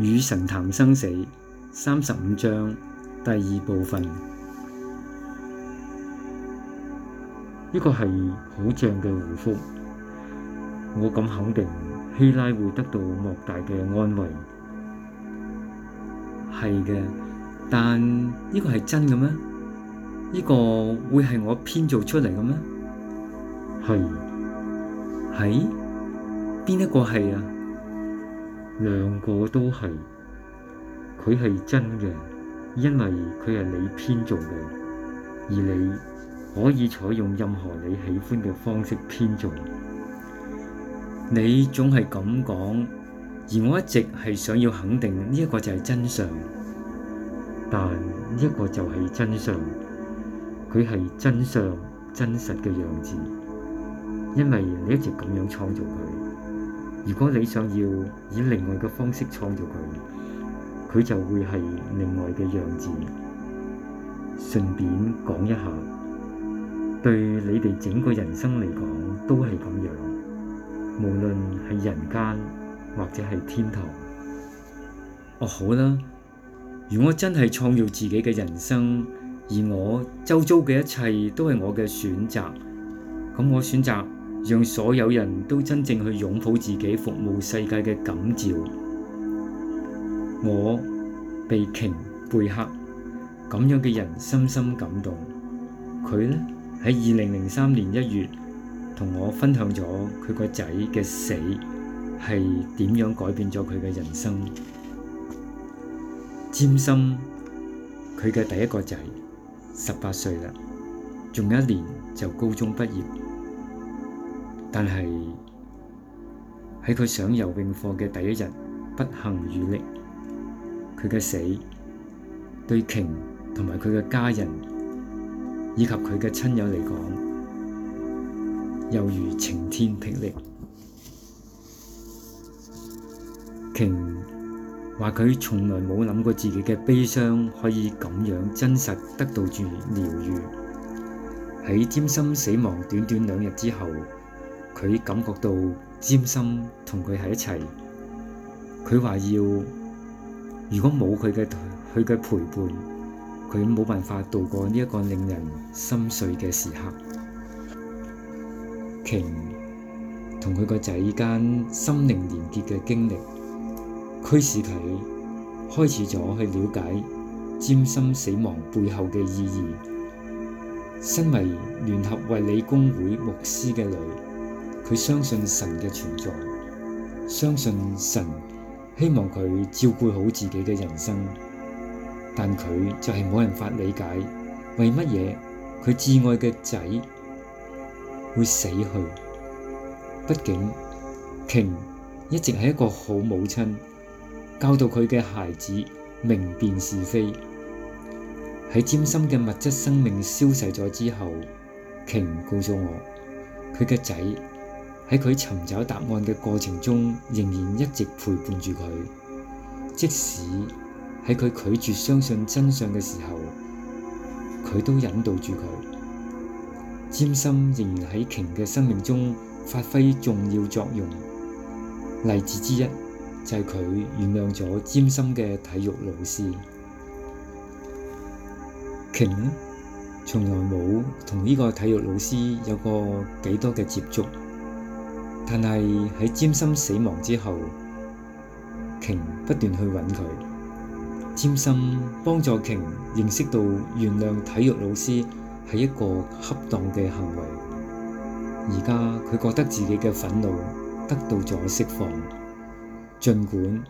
與神談生死，三十五章第二部分，呢個係好正嘅回覆，我敢肯定希拉會得到莫大嘅安慰。係嘅，但呢個係真嘅咩？呢個會係我編造出嚟嘅咩？係嘅，喺邊一個係啊？兩個都係，佢係真嘅，因為佢係你編造嘅，而你可以採用任何你喜歡嘅方式編造。你總係咁講，而我一直係想要肯定呢一個就係真相，但呢一個就係真相，佢係真相真實嘅樣子，因為你一直咁樣創造佢。如果你想要以另外嘅方式創造佢，佢就會係另外嘅樣子。順便講一下，對你哋整個人生嚟講都係咁樣，無論係人間或者係天堂。哦，好啦，如果真係創造自己嘅人生，而我周遭嘅一切都係我嘅選擇，咁我選擇。讓所有人都真正去擁抱自己服務世界嘅感召。我被瓊貝克咁樣嘅人深深感動。佢呢，喺二零零三年一月同我分享咗佢個仔嘅死係點樣改變咗佢嘅人生。占心，佢嘅第一個仔十八歲啦，仲有一年就高中畢業。但係喺佢上游泳課嘅第一日，不幸遇溺。佢嘅死對瓊同埋佢嘅家人以及佢嘅親友嚟講，猶如晴天霹靂。瓊話：佢從來冇諗過自己嘅悲傷可以咁樣真實得到住療癒。喺詹森死亡短短兩日之後。佢感覺到詹心同佢喺一齊，佢話要如果冇佢嘅、佢嘅陪伴，佢冇辦法度過呢一個令人心碎嘅時刻。瓊同佢個仔間心靈連結嘅經歷，驅使佢開始咗去了解詹心死亡背後嘅意義。身為聯合衛理公會牧師嘅女。佢相信神嘅存在，相信神希望佢照顧好自己嘅人生，但佢就係冇人法理解為乜嘢佢摯愛嘅仔會死去。畢竟瓊一直係一個好母親，教導佢嘅孩子明辨是非。喺貪心嘅物質生命消逝咗之後，瓊告訴我佢嘅仔。喺佢尋找答案嘅過程中，仍然一直陪伴住佢。即使喺佢拒絕相信真相嘅時候，佢都引導住佢。詹森仍然喺瓊嘅生命中發揮重要作用。例子之一就係、是、佢原諒咗詹森嘅體育老師。瓊從來冇同呢個體育老師有過幾多嘅接觸。但係喺詹森死亡之後，瓊不斷去揾佢。詹森幫助瓊認識到原諒體育老師係一個恰當嘅行為。而家佢覺得自己嘅憤怒得到咗釋放，儘管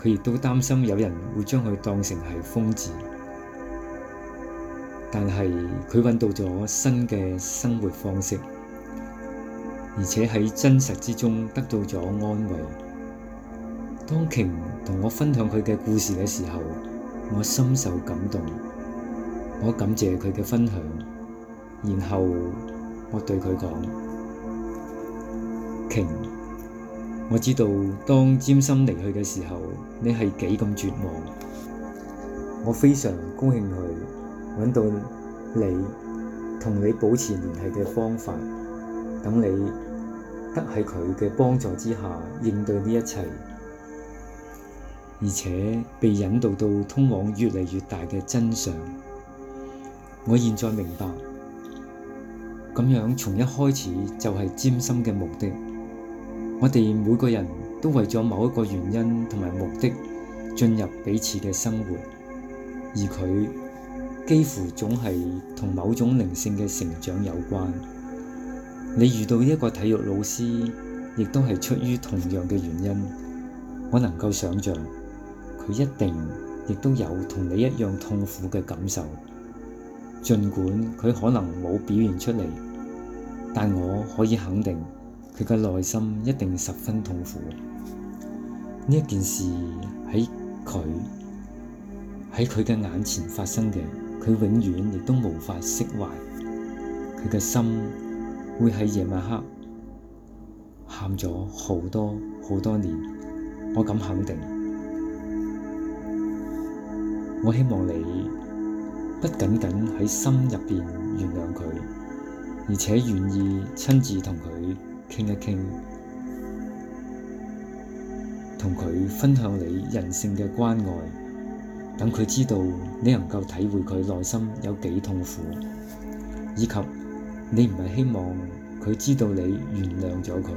佢亦都擔心有人會將佢當成係瘋子，但係佢揾到咗新嘅生活方式。而且喺真實之中得到咗安慰。當瓊同我分享佢嘅故事嘅時候，我深受感動。我感謝佢嘅分享，然後我對佢講：瓊，我知道當詹森離去嘅時候，你係幾咁絕望。我非常高興佢揾到你，同你保持聯繫嘅方法。咁你得喺佢嘅幫助之下應對呢一切，而且被引導到通往越嚟越大嘅真相。我現在明白，咁樣從一開始就係尖心嘅目的。我哋每個人都為咗某一個原因同埋目的進入彼此嘅生活，而佢幾乎總係同某種靈性嘅成長有關。你遇到一個體育老師，亦都係出於同樣嘅原因。我能夠想象，佢一定亦都有同你一樣痛苦嘅感受。儘管佢可能冇表現出嚟，但我可以肯定，佢嘅內心一定十分痛苦。呢一件事喺佢喺佢嘅眼前發生嘅，佢永遠亦都無法釋懷。佢嘅心。會喺夜晚黑喊咗好多好多年，我敢肯定。我希望你不僅僅喺心入邊原諒佢，而且願意親自同佢傾一傾，同佢分享你人性嘅關愛，等佢知道你能夠體會佢內心有幾痛苦，以及。你唔係希望佢知道你原諒咗佢，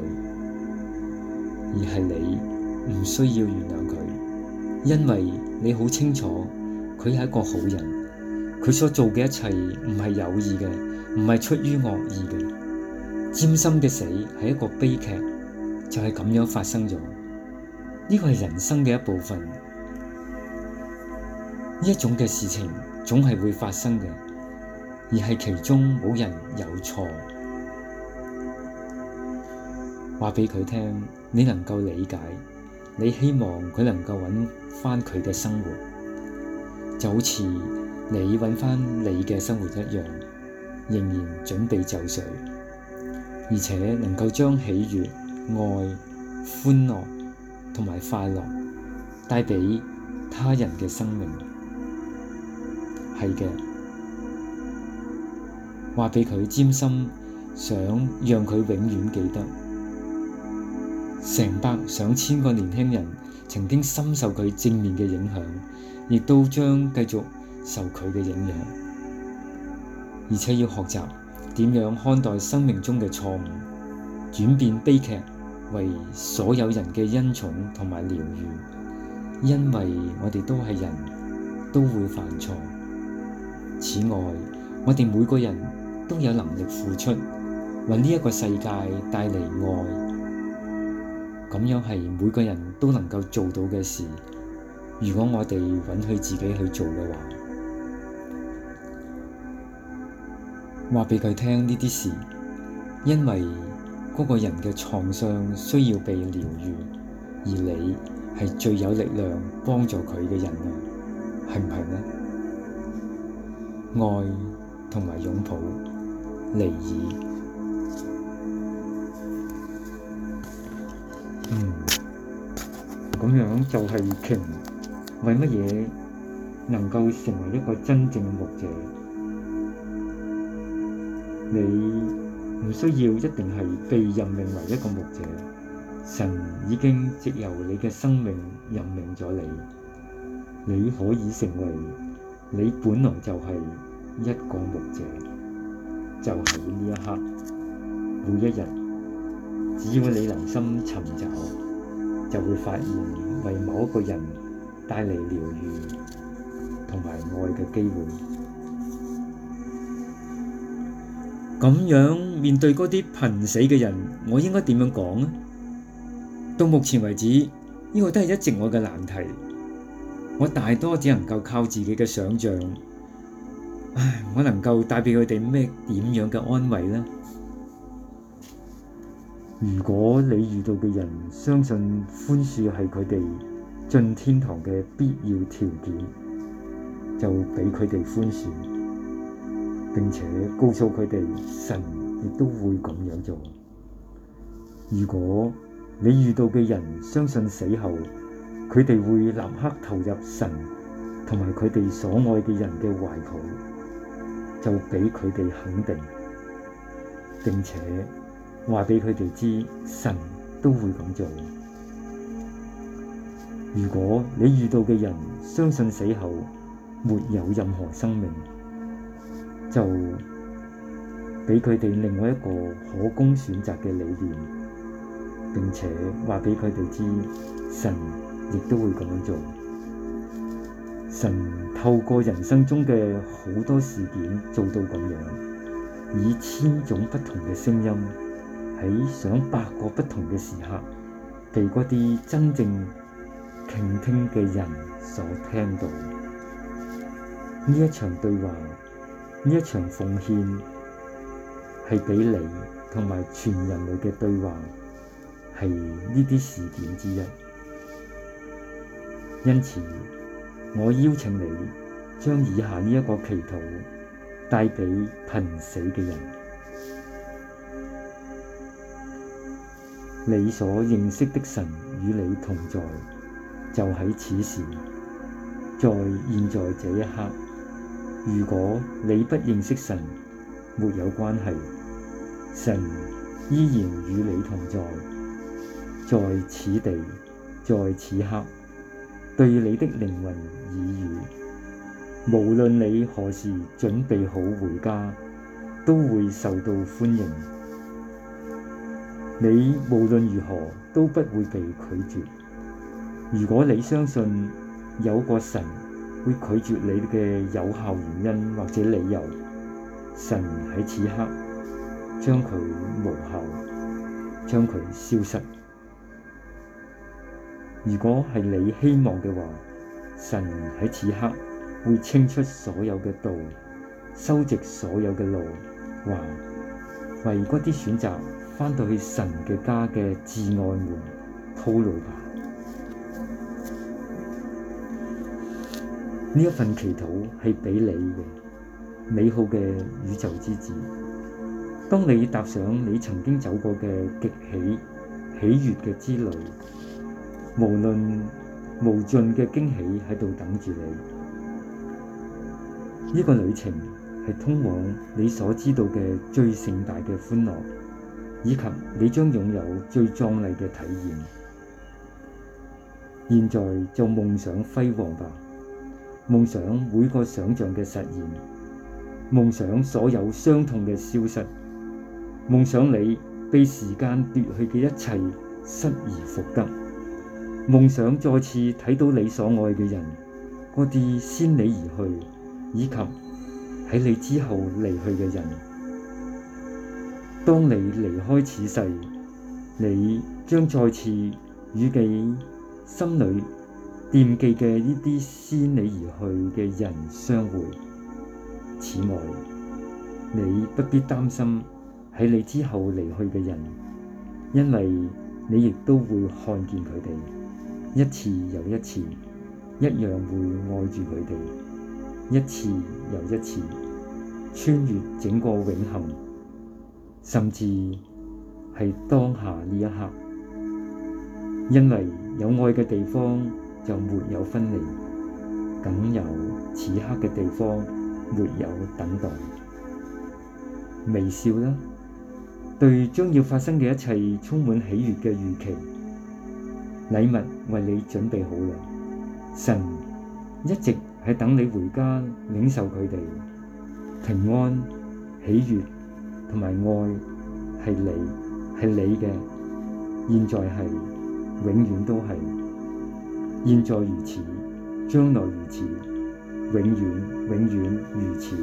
而係你唔需要原諒佢，因為你好清楚佢係一個好人，佢所做嘅一切唔係有意嘅，唔係出於惡意嘅。沾心嘅死係一個悲劇，就係咁樣發生咗。呢個係人生嘅一部分，呢一種嘅事情總係會發生嘅。而係其中冇人有錯，話畀佢聽，你能夠理解，你希望佢能夠揾返佢嘅生活，就好似你揾返你嘅生活一樣，仍然準備就緒，而且能夠將喜悦、愛、歡樂同埋快樂帶畀他人嘅生命，係嘅。話畀佢沾心，想讓佢永遠記得，成百上千個年輕人曾經深受佢正面嘅影響，亦都將繼續受佢嘅影響，而且要學習點樣看待生命中嘅錯誤，轉變悲劇為所有人嘅恩寵同埋療癒，因為我哋都係人，都會犯錯。此外，我哋每個人。都有能力付出，為呢一個世界帶嚟愛，咁樣係每個人都能夠做到嘅事。如果我哋允許自己去做嘅話，話畀佢聽呢啲事，因為嗰個人嘅創傷需要被療愈，而你係最有力量幫助佢嘅人啊，係唔係呢？愛同埋擁抱。嚟矣。嗯，咁樣就係、是、權。為乜嘢能夠成為一個真正嘅牧者？你唔需要一定係被任命為一個牧者，神已經藉由你嘅生命任命咗你。你可以成為，你本來就係一個牧者。就喺呢一刻，每一日，只要你留心尋找，就會發現為某一個人帶嚟療癒同埋愛嘅機會。咁樣面對嗰啲瀕死嘅人，我應該點樣講呢？到目前為止，呢、這個都係一直我嘅難題。我大多只能夠靠自己嘅想像。唉，我能夠帶俾佢哋咩點樣嘅安慰呢？如果你遇到嘅人相信寬恕係佢哋進天堂嘅必要條件，就俾佢哋寬恕，並且告訴佢哋神亦都會咁樣做。如果你遇到嘅人相信死後佢哋會立刻投入神同埋佢哋所愛嘅人嘅懷抱，就俾佢哋肯定，並且話俾佢哋知神都會咁做。如果你遇到嘅人相信死後沒有任何生命，就畀佢哋另外一個可供選擇嘅理念，並且話畀佢哋知神亦都會咁做。神。透過人生中嘅好多事件做到咁樣，以千種不同嘅聲音，喺上百個不同嘅時刻，被嗰啲真正傾聽嘅人所聽到。呢一場對話，呢一場奉獻，係俾你同埋全人類嘅對話，係呢啲事件之一。因此。我邀請你將以下呢一個祈禱帶畀瀕死嘅人。你所認識的神與你同在，就喺此時，在現在這一刻。如果你不認識神，沒有關係，神依然與你同在，在此地，在此刻。對你的靈魂耳語，無論你何時準備好回家，都會受到歡迎。你無論如何，都不會被拒絕。如果你相信有個神會拒絕你嘅有效原因或者理由，神喺此刻將佢無效，將佢消失。如果係你希望嘅話，神喺此刻會清出所有嘅道，修直所有嘅路，話為嗰啲選擇翻到去神嘅家嘅至愛們鋪路吧。呢一份祈禱係俾你嘅美好嘅宇宙之子，當你踏上你曾經走過嘅極喜喜悦嘅之旅。無論無盡嘅驚喜喺度等住你，呢個旅程係通往你所知道嘅最盛大嘅歡樂，以及你將擁有最壯麗嘅體驗。現在就夢想輝煌吧，夢想每個想象嘅實現，夢想所有傷痛嘅消失，夢想你被時間奪去嘅一切失而復得。夢想再次睇到你所愛嘅人，嗰啲先你而去，以及喺你之後離去嘅人。當你離開此世，你將再次與你心裏惦記嘅呢啲先你而去嘅人相會。此外，你不必擔心喺你之後離去嘅人，因為你亦都會看見佢哋。一次又一次，一樣會愛住佢哋。一次又一次，穿越整個永恆，甚至係當下呢一刻。因為有愛嘅地方就沒有分離，僅有此刻嘅地方沒有等待。微笑啦，對將要發生嘅一切充滿喜悦嘅預期。禮物為你準備好啦，神一直係等你回家領受佢哋平安喜悦同埋愛，係你係你嘅，現在係永遠都係，現在如此將來如此，永遠永遠如此，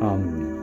阿門。